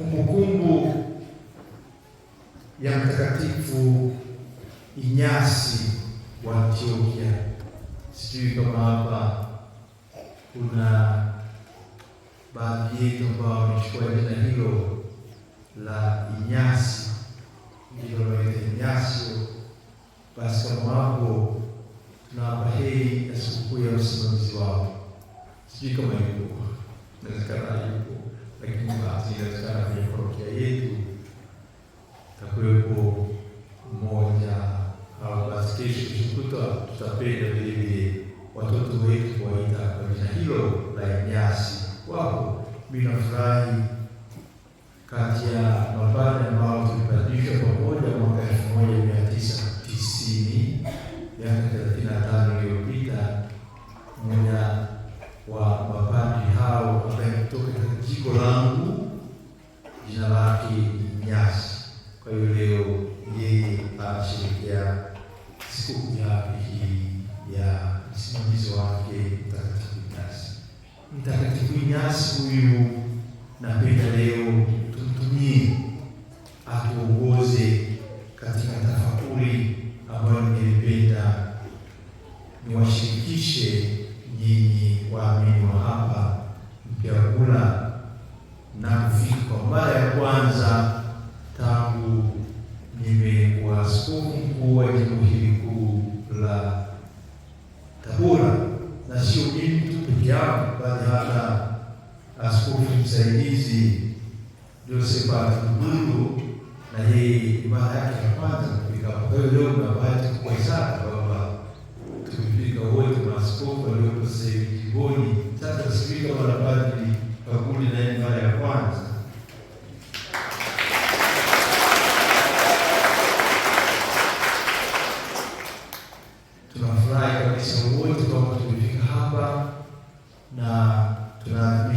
kumbukumbu ya Mtakatifu Inyasi wa Antiokia. Sijui kama hapa kuna baadhi yetu ambao wamechukua jina hilo la Inyasi, ndilo laweza Inyasio. Basi kama wako tunawapa heri na sikukuu ya usimamizi wao. Sijui kama yuko, inawezekana yuko lakini bahati sana kwenye yetu takuwepo mmoja au basi, kesho kutwa tutapenda vilevile watoto wetu kuwaita kwa jina hilo la Inyasi. wapo mimi nafurahi kati ya mabanda ambao tulipandishwa pamoja mwaka elfu moja mia tisa tisini miaka thelathini na tano iliyopita mmoja wa Pumziko langu jina lake ni Mnyasi. Kwa hiyo leo yeye anasherekea sikukuu yake hii ya msimamizi wake Mtakatifu Inyasi. Mtakatifu Inyasi huyu napenda leo tumtumie atuongoze katika tafakuri ambayo ningelipenda niwashirikishe nyinyi waamini wa za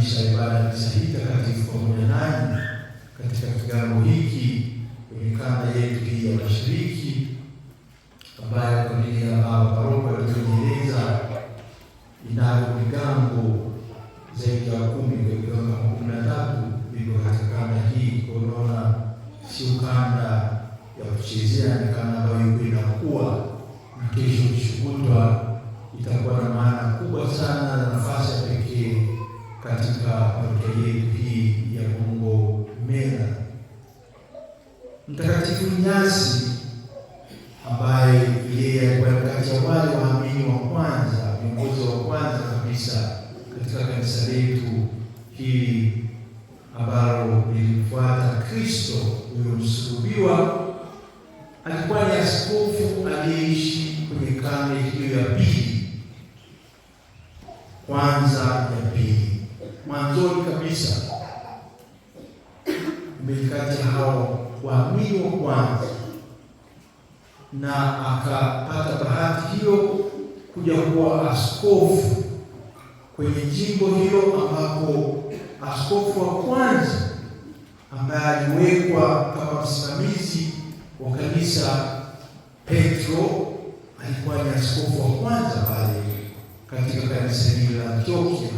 kuadhimisha ibada ya misa hii takatifu pamoja nanyi katika kigango hiki kwenye kanda yetu hii ya Mashariki, ambayo familia ya baba paroko alivyojieleza inayo migango zaidi ya kumi kwa vigango kumi na tatu hivyo katika kanda hii kunaona sio kanda ya kuchezea, ni kanda ambayo iko inakuwa na kesho kishukutwa itakuwa na maana kubwa sana na nafasi ya pekee katika parokia yetu hii ya Gongo Mera. Mtakatifu Nyasi ambaye yeye alikuwa kati ya wale alikuwa ni askofu wa kwanza pale katika kanisa hili la Antiokia.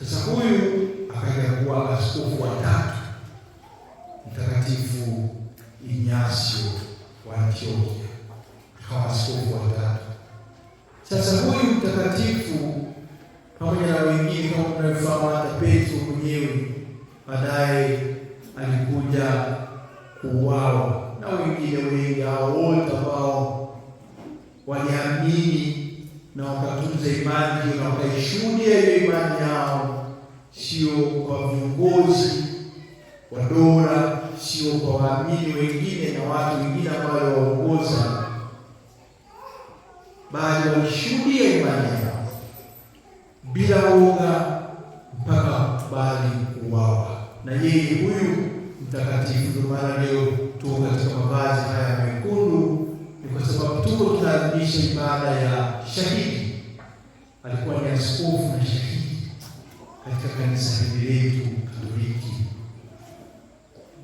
Sasa huyu akaja kuwa askofu wa tatu, Mtakatifu Inyasio wa Antiokia akawa askofu wa tatu. Sasa huyu mtakatifu pamoja na wengine kama tunavyofahamu, hata Petro mwenyewe baadaye alikuja kuuawa na wengine wengi, hao wote ambao waliamini na wakatunza imani na wakaishuhudia hiyo imani yao, sio kwa viongozi wa dola, sio kwa waamini wengine na watu wengine ambao waongoza, bali walishuhudia imani yao bila woga mpaka bali kuwawa na yeye huyu mtakatifu. Ndio maana leo tuko katika mavazi kutoka misa ibada ya shahidi. Alikuwa ni askofu na shahidi katika kanisa hili letu Katoliki,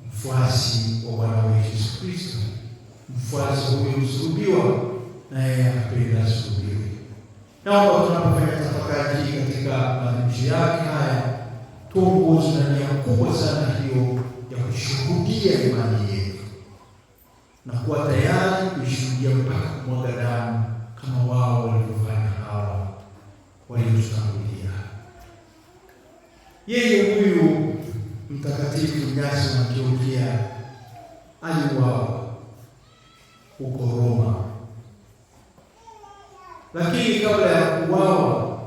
mfuasi wa Bwana wetu Yesu Kristo, mfuasi huyo msulubiwa, naye akapenda sulubiwe. Naomba tunapofanya tafakari katika maadhimisho yake haya, tuongozwe na nia kubwa sana hiyo ya kushuhudia imani yetu. na kuwa tayari kushuhudia mpaka kumwaga damu kama wao walivyofanya hawa waliotangulia. Yeye huyu Mtakatifu Ignasi wa Antiokia aliuawa huko Roma, lakini kabla ya kuuawa,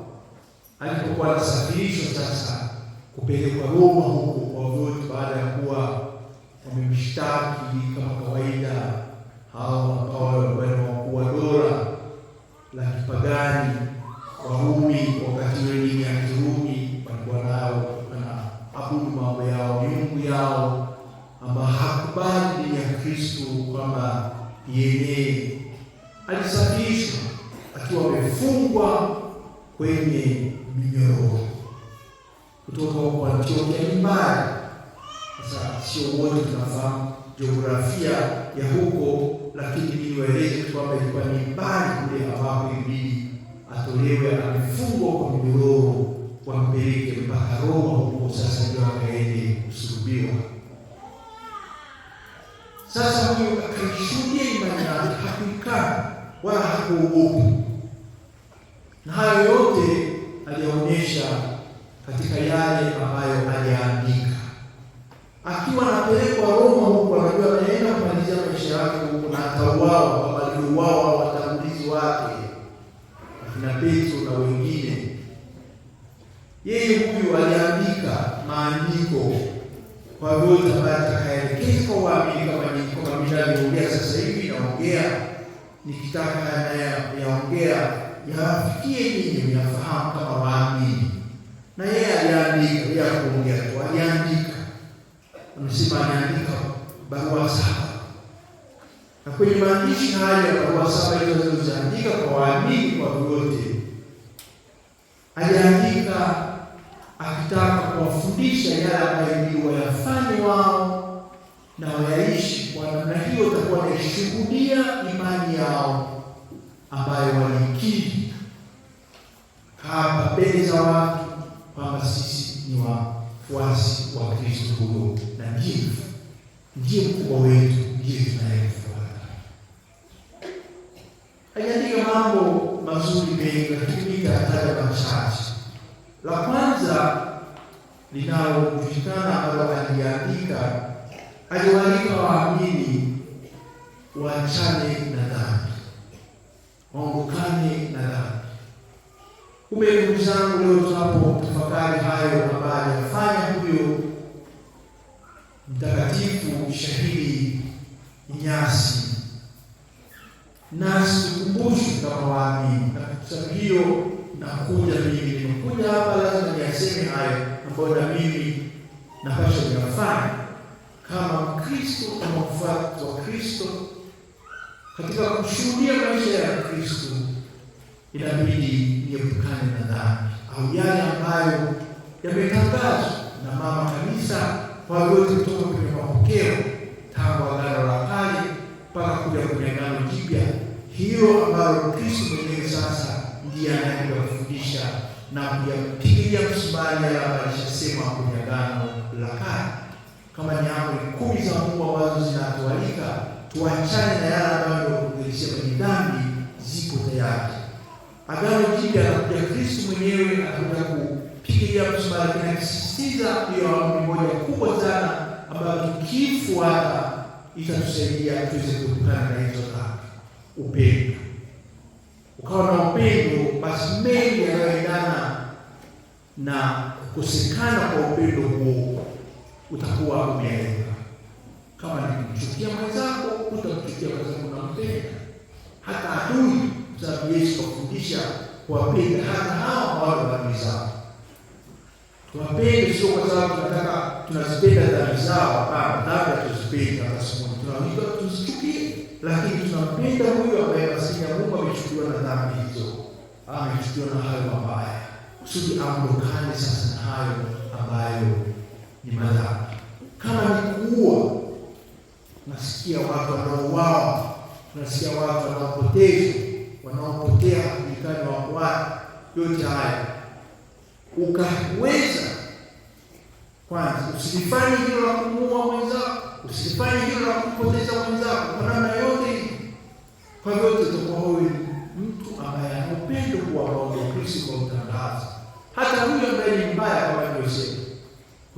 alipokuwa anasafirishwa sasa kupelekwa Roma huko kwa baada ya kuwa wamemshtaki kama kawaida hawa ambao walikuwa dola la kipagani Warumi, wakati wengi ya Kirumi walikuwa nao na abudu mambo yao miungu yao, ama hakubali dini ya Kristo kwamba yeye alisafishwa akiwa amefungwa kwenye minyororo kutoka kwa Antiokia mbali sasa sio wote tunafahamu jiografia ya huko, lakini niwaeleze kwamba ilikuwa ni mbali kule ambapo ibidi atolewe amefungwa kwa mnyororo wampeleke mpaka Roma huko, sasa ndio akaende kusulubiwa. Sasa huyo akaishuhudia imani yake, hakuikana wala hakuogopa, na hayo yote alionyesha katika yale ambayo maandiko kwa lolote utapata atakayeelekeza kwa waamini, kama ninavyoongea sasa hivi, naongea nikitaka yaongea yawafikie ninyi, mnafahamu kama waamini, na yeye aliandika ya kuongea tu, aliandika. Amesema anaandika barua saba, na kwenye maandishi haya barua saba hizo zilizoandika kwa waamini, kwa wote aliandika akitaka kuwafundisha yale ambayo ndio wayafanye wao na wayaishi kwa namna hiyo, watakuwa naishuhudia imani yao ambayo waliikiri hapa mbele za watu kwamba sisi ni wafuasi wa Kristo huyo, na ndiye ndiye mkubwa wetu, ndiye tunayemfuata. Aliandika mambo mazuri mengi, lakini nitataja machache. La kwanza linalojulikana ambalo aliandika, aliwaalika waamini waachane na dhambi, waondokane na dhambi. Kumbe ndugu zangu, leo tunapo tafakari hayo ambayo alifanya huyo mtakatifu shahidi Inyasi, nasi tukumbushwe kama waamini na kwa hiyo nakuja mimi nimekuja hapa, lazima niyaseme hayo ambayo na mimi napaswa kuyafanya kama Mkristo, kama mfuasi wa Kristo. Katika kushuhudia maisha ya Kristo, inabidi niepukane na dhambi au yale ambayo yametangazwa na mama kanisa wote kutoka kwenye mapokeo tangu Agano la Kale mpaka kuja kwenye Agano Jipya, hiyo ambayo Kristo mwenyewe sasa pia kuyafundisha na kuyapiga msumari yale alishasema kwenye Agano la Kale. Kama ni amri kumi za Mungu ambazo zinatualika tuachane na yale ambayo ilisema kwenye dhambi, ziko tayari. Agano Jipya ya kristu mwenyewe atakuja kupigilia msumari na kusisitiza hiyo amri moja kubwa sana ambayo tukiifuata itatusaidia tuweze kuepukana na hizo dhambi: upendo ukawa na upendo, basi mengi yanayoendana na kukosekana kwa upendo huo utakuwa umeelewa. Kama ni kumchukia mwenzako, utamchukia mwenzako, unampenda hata adui, kwa sababu Yesu kafundisha kuwapenda hata hawa wale dhambi zao. Tuwapende sio kwa sababu tunataka tunazipenda dhambi zao, hapana, dhambi hatuzipenda, tunazipenda tunaita tuzichukie lakini tunampenda huyo ambaye basi ya Mungu amechukuliwa na dhambi hizo, amechukuliwa na hayo mabaya, kusudi amondokane sasa na hayo ambayo ni madhambi. Kama ni kuua, nasikia watu wanaouawa, nasikia watu wanaopotezwa, wanaopotea hakujulikani wako wapi. Yote haya ukaweza kwanza, usifanye hilo la kumuua mwenzako, usifanye hilo la kupoteza mwenzako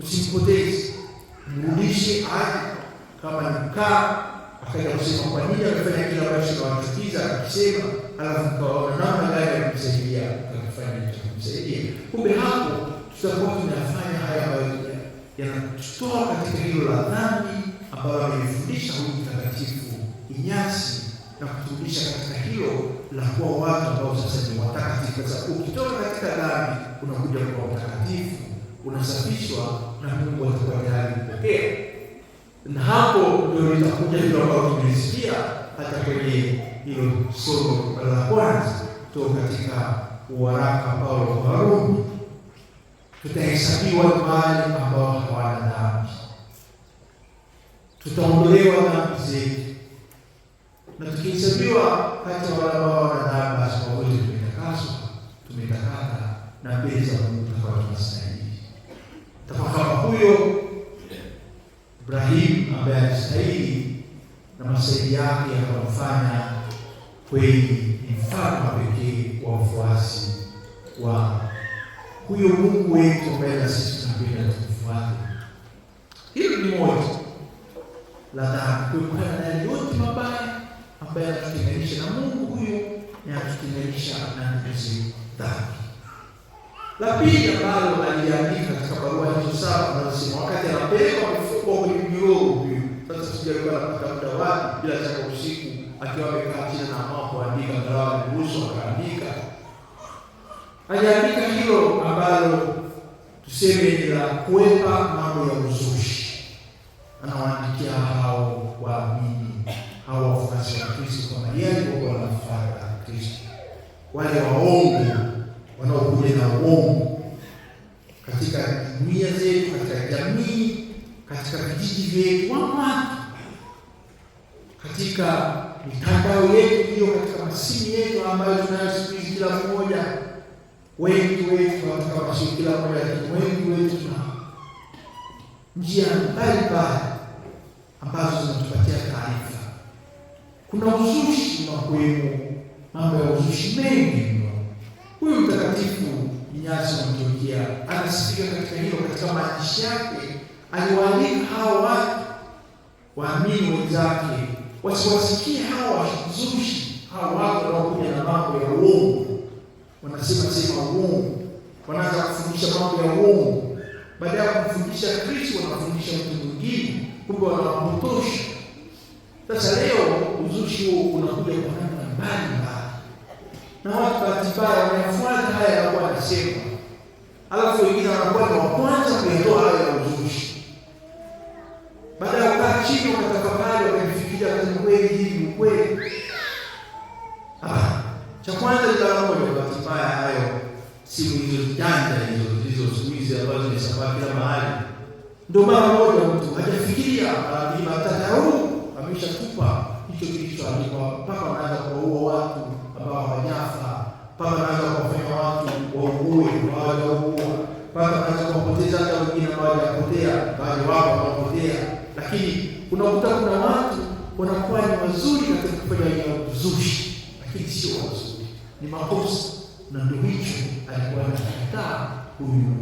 usimpoteze, mrudishe ardhi kama ni mkaa, akaja kusema kwa nini amefanya kile ambacho kinawachukiza, akisema alafu mkawaona namna gani ya kumsaidia, akafanya cha kumsaidia. Kumbe hapo tutakuwa tunafanya haya ambayo yanatutoa katika hilo la dhambi ambayo amefundisha huyu mtakatifu Inyasi na kuturudisha katika hilo la kuwa watu ambao sasa ni watakatifu. Sasa ukitoka katika dhambi unakuja kuwa mtakatifu, unasafishwa na Mungu atakuwa tayari kupokea, na hapo ndio litakuja hilo ambalo tumelisikia hata kwenye hilo somo la kwanza to katika waraka Paulo wa Warumi, tutahesabiwa wale ambao hawana dhambi, tutaondolewa dhambi zetu na tukihesabiwa kati ya wale ambao hawana dhambi, basi kwa kweli tumetakaswa, tumetakata na mbele za Mungu tutakuwa tunastahili tafakari huyo Ibrahim ambaye alistahili na masaidi yake yakamfanya kweli ni mfano wa pekee wa wafuasi wa huyo Mungu wetu ambaye na sisi tunapenda tukufuate. Hili ni moja la dhati, kuepukana na yale yote mabaya ambaye anatutenganisha na Mungu huyo na anatutenganisha na ndugu zetu dhambi. La pili ambalo aliandika katika barua hizo saba, anasema wakati anapeleka mfuko kwenye mnyororo huyu. Sasa sija alikuwa anapata muda wapi bila shaka usiku akiwa amekaa chini na amao kuandika mdawa kuhusu akaandika. Aliandika hilo ambalo tuseme ni la kuepa mambo ya uzushi. Anawaandikia hao waamini, hao wafuasi wa Kristo kwamba yeye alikuwa anafanya Kristo. Wale waongo wanaokuja na uongo katika jumuiya zetu, katika jamii, katika vijiji vyetu, wamaki katika mitandao yetu hiyo, katika masimu yetu ambayo tunayo siku hizi, kila mmoja wengi wetu katika masimu, kila mmoja wengi wetu tuna njia mbalimbali ambazo zinatupatia taarifa. Kuna uzushi unakuwemo, mambo ya uzushi mengi Huyu mtakatifu Ignatius wa Antiokia anasifika katika hilo, katika maandishi yake aliwaalika hawa watu waamini wenzake wasiwasikie hawa wazushi, hawa watu wanaokuja na mambo ya uongo, wanasema sema uongo, wanaanza kufundisha mambo ya uongo. Baada ya kumfundisha Kristo wanafundisha mtu mwingine, kumbe wanawapotosha. Sasa leo uzushi huo unakuja kwa namna mbali na watu batibaya wanafuata haya yanakuwa anasema, alafu wengine wanakuwa ni wa kwanza kuyatoa hayo ya uzushi. Baada ya kukaa chini, wakatafakari, wakajifikiria kazi, kweli hivi ukweli? Ah, cha kwanza ila moja, batibaya hayo simu hizo janja hizo hizo siku hizi ambazo zimesambaa kila mahali, ndio mara moja mtu hajafikiria anavilima tata huu ameshakupa hicho kilichoandikwa mpaka wanaanza kuwaua watu ambao hawajasa mpaka naweza kuwafanya watu waugue hawajaugua, mpaka naweza kuwapoteza hata wengine ambao hawajapotea, baadhi wao wanapotea. Lakini unakuta kuna watu wanakuwa ni wazuri katika kufanya ya uzushi, lakini sio wazuri, ni makosa. Na ndio hicho alikuwa anakataa huyu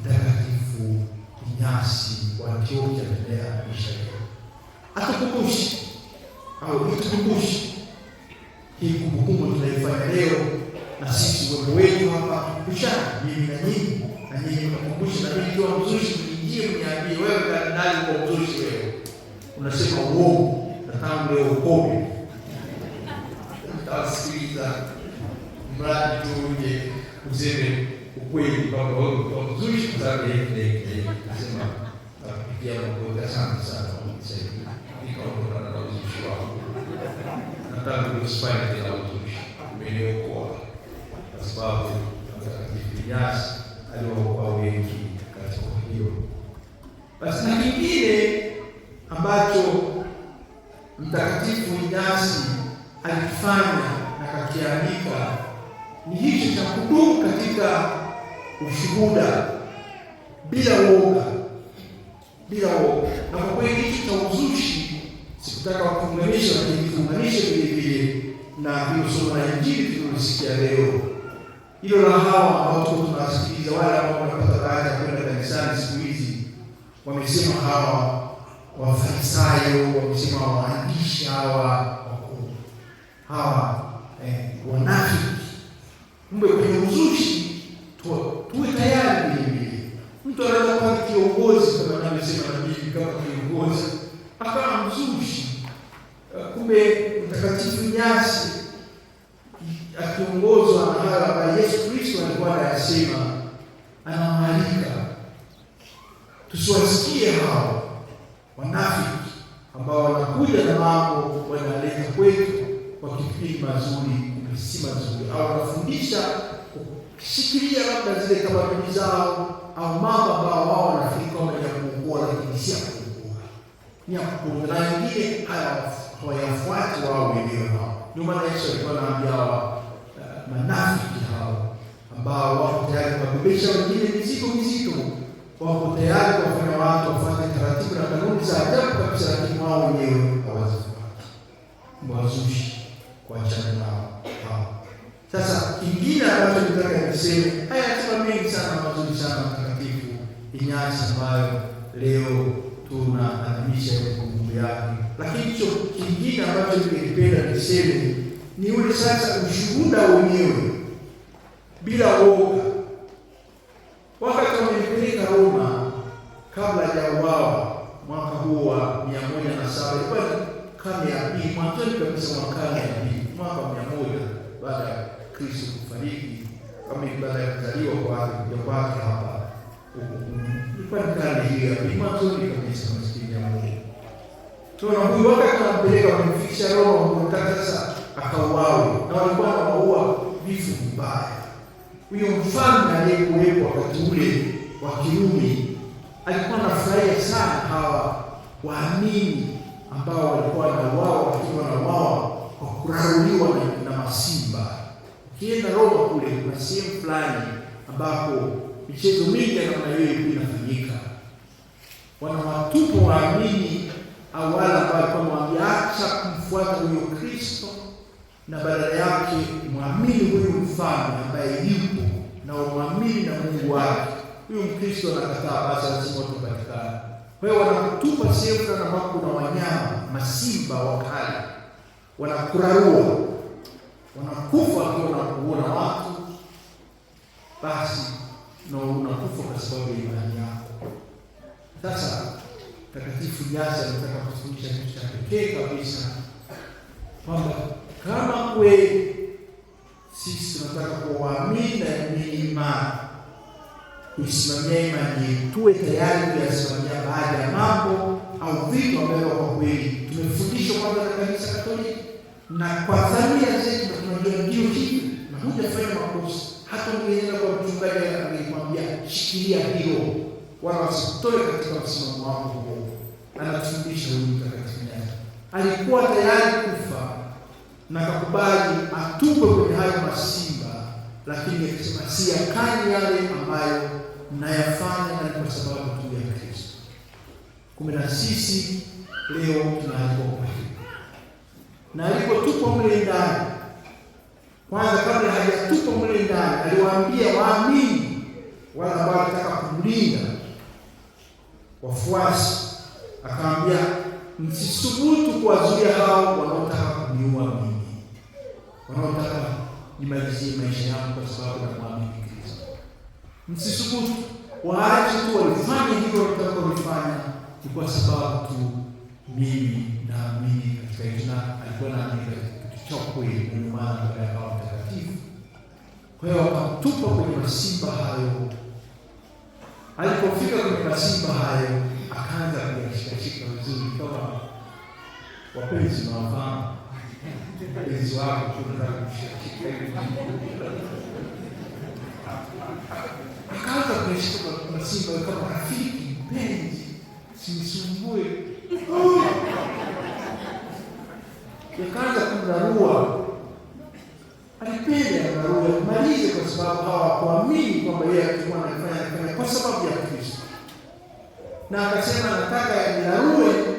mtakatifu Inyasi wa Antiokia katika maisha yake, atukumbushe au itukumbushe hii kumbukumbu tunaifanya leo na sisi wote wetu hapa kukumbushana mimi na nyinyi na nyinyi mnakumbusha na mimi nikiwa mzushi niingie mniambie wewe ndani kwa uko mzushi wewe. Unasema uongo na tangu leo ukope. Tasikiliza mradi tu uje useme ukweli kwamba wewe uko mzushi kwa sababu yeye ndiye anasema tapigia mambo sana sana. Sasa nikaona nataka kuexpire bila utumishi. Umeniokoa kwa sababu Mtakatifu Inyasi aliwaokoa wengi katika hiyo. Basi na kingine ambacho Mtakatifu Inyasi alifanya na kakiandika ni hicho cha kudumu katika ushuhuda bila uoga, bila uoga, na kwa kweli hicho cha uzushi Nataka wakuunganisha wakijifunganisha vile vile na hilo somo la Injili tunalosikia leo, hilo la hawa ambao tuko tunawasikiliza, wale ambao wanapata baada ya kwenda kanisani siku hizi. Wamesema hawa Wafarisayo, wamesema waandishi hawa wakuu hawa eh, wanafiki. Kumbe kwenye uzushi tuwe tayari vile vile, mtu anaweza kuwa kiongozi kama anavyosema nabii, kama kiongozi akawa mzushi Eh, kumbe Mtakatifu nyasi akiongozwa na hayo ambayo Yesu Kristo alikuwa anayasema, anamwalika tusiwasikie hao wanafiki ambao wanakuja na mambo wanaleta kwetu kwa kipindi mazuri si mazuri, au wanafundisha kushikilia labda zile tamaduni zao au mambo ambao wao wanafikiri kwamba ya kuokoa, lakini si ya kuokoa, ni ya kuponza na wengine wayafuate wao wenyewe hao. Ndio maana Yesu alikuwa anaambia hawa manafiki hao ambao wako tayari kuwabebesha wengine mizigo mizito, wako tayari kuwafanya watu wafanye taratibu na kanuni za ajabu kabisa, lakini wao wenyewe hawazifuati. Mwazushi kuachana nao hao. Sasa kingine ambacho nitaka niseme, haya yasema mengi sana mazuri sana mtakatifu Inyasi ambayo leo tunaadhimisha yake. Lakini cho kingine ambacho ningependa niseme ni ule sasa ushuhuda wenyewe bila woga. Wakati wamempeleka Roma kabla ya uwawa mwaka huo wa mia moja na saba ilikuwa karne ya pili, mwanzoni kabisa mwa karne ya pili, mwaka mia moja baada ya Kristo kufariki kama baada ya kuzaliwa kwa kuja kwake hapa huku ilikuwa ni karne hiyo ya pili, mwanzoni kabisa masikini ya moja Tuna huyu wakati wanampeleka wamemfikisha Roma, wamemtaka sasa akauawe, na walikuwa wanaua vifo vibaya. Huyo mfalme aliyekuwepo wakati ule wa Kirumi alikuwa anafurahia sana hawa waamini ambao walikuwa wanauawa, lakini wanauawa kwa kurauliwa na, na masimba. Ukienda Roma kule kuna sehemu fulani ambapo michezo mingi ya namna hiyo ilikuwa inafanyika, wanawatupa waamini awali ambayo kwamba wameacha kumfuata huyo Kristo na badala yake mwamini huyu mfalme ambaye yupo na umwamini na Mungu wake. Huyu Mkristo anakataa, basi lazima tupatikane. Kwa hiyo wanakutupa sehemu na ambapo kuna wanyama masimba wakali, wanakurarua, wanakufa wakiwa wanakuona watu, basi na unakufa kwa sababu ya imani yako. Sasa Mtakatifu Nyasa anataka kufundisha kitu cha pekee kabisa, kwamba kama kweli sisi tunataka kuwa waamini na imani imara, kuisimamia imani yetu, tuwe tayari kuyasimamia baadhi ya mambo au vitu ambavyo kwa kweli tumefundishwa kwanza na Kanisa Katoliki na kwa dhamira zetu, na tunajua ndio hivi na hujafanya makosa. Hata ungeenda kwa mchungaji angekwambia shikilia hiyo wala wasitoe katika msimamo wao huo. Anatufundisha huyu mtakatifu Nyayo alikuwa tayari kufa na kakubali atupwe kwenye hayo masimba, lakini akisema yakani yale ambayo nayafanya na kwa sababu tu ya Kristo. Kumbe na sisi leo tunaalikwa kwa na alipotupwa mle ndani kwanza, kabla hajatupwa mle ndani, aliwaambia waamini wala ambao wanataka kumlii wafuasi, akaambia msisubutu kuwazuia hao wanaotaka kuniua mimi, wanaotaka nimalizie maisha yangu kwa sababu ya kuamini Kristo. Msisubutu, waache tu walifanya hivyo mtakaolifanya, ni kwa sababu tu mimi naamini katika jina, alikuwa naamini kitu cha kweli, muumana ya Roho Mtakatifu. Kwa hiyo wakamtupa kwenye masiba hayo. Alipofika kwenye masiba hayo, akaanza kuyashikashika vizuri, kama wapenzi mnawafaa mpenzi wako kushikashika hivi, akaanza kuyashika masiba kama rafiki, mpenzi, simsumbue yakaanza kumrarua. Alipenda narua malize, kwa sababu hawakuamini kwamba yeye alikuwa anafanya kwa sababu ya Kristo, na akasema nataka yanirarue,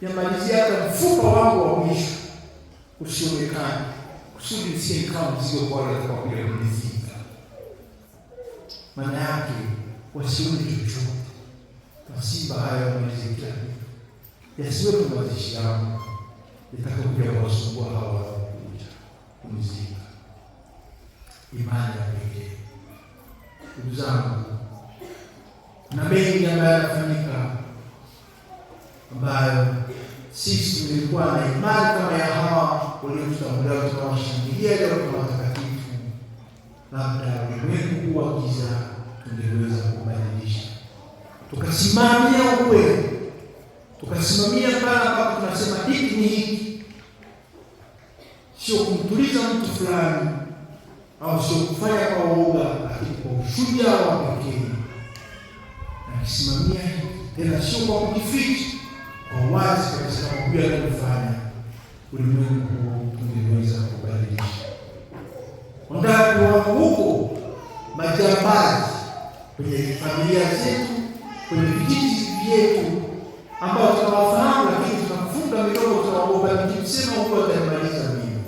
yamalizia hata mfupa wangu wa mwisho usionekane, kusudi usie kama mzigo bora kwa kule mzinga. Maana yake wasione chochote masiba haya wamezikia yasiwe kwa mazishi yao yatakayokuja kuwasumbua hawa wanaokuja kumzika imani ya pekee. Ndugu zangu na mengi ambayo yanafanyika ambayo sisi tulikuwa na imani kama ya hawa waliotutangulia tunawashangilia leo kama watakatifu, labda ulimwengu wa giza tungeweza kubadilisha, tukasimamia ukweli, tukasimamia pale ambapo tunasema hiki ni hiki, sio kumtuliza mtu fulani au sio kufanya kwa uoga, lakini kwa ushujaa wa pekee akisimamia tena, sio kwa kujificha, kwa wazi kabisa, kama huyu anavyofanya, ulimwengu ungeweza kubadilisha. Unataka kuwa huko majambazi kwenye familia zetu, kwenye vijiji vyetu ambao tunawafahamu, lakini tunafunga midomo, tunawaogopa, nikimsema huyu ataimaliza mimi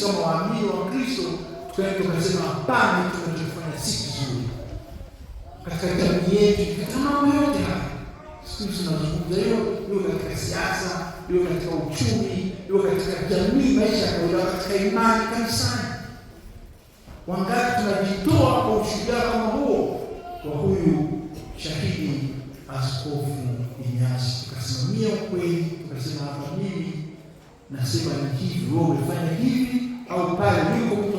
sisi kama waamini wa Kristo tukasema hapana, tunachofanya si kizuri katika jamii yetu, katika mambo yote haya. Sisi tunazungumza hiyo hiyo, katika siasa hiyo, katika uchumi hiyo, katika jamii, maisha ya kawaida, katika imani, kanisani, wangapi tunajitoa kwa ushujaa kama huo kwa huyu shahidi Askofu Inyasi? Tukasimamia ukweli, tukasema hapa, mimi nasema ni hivi, wewe umefanya hivi ao Pai,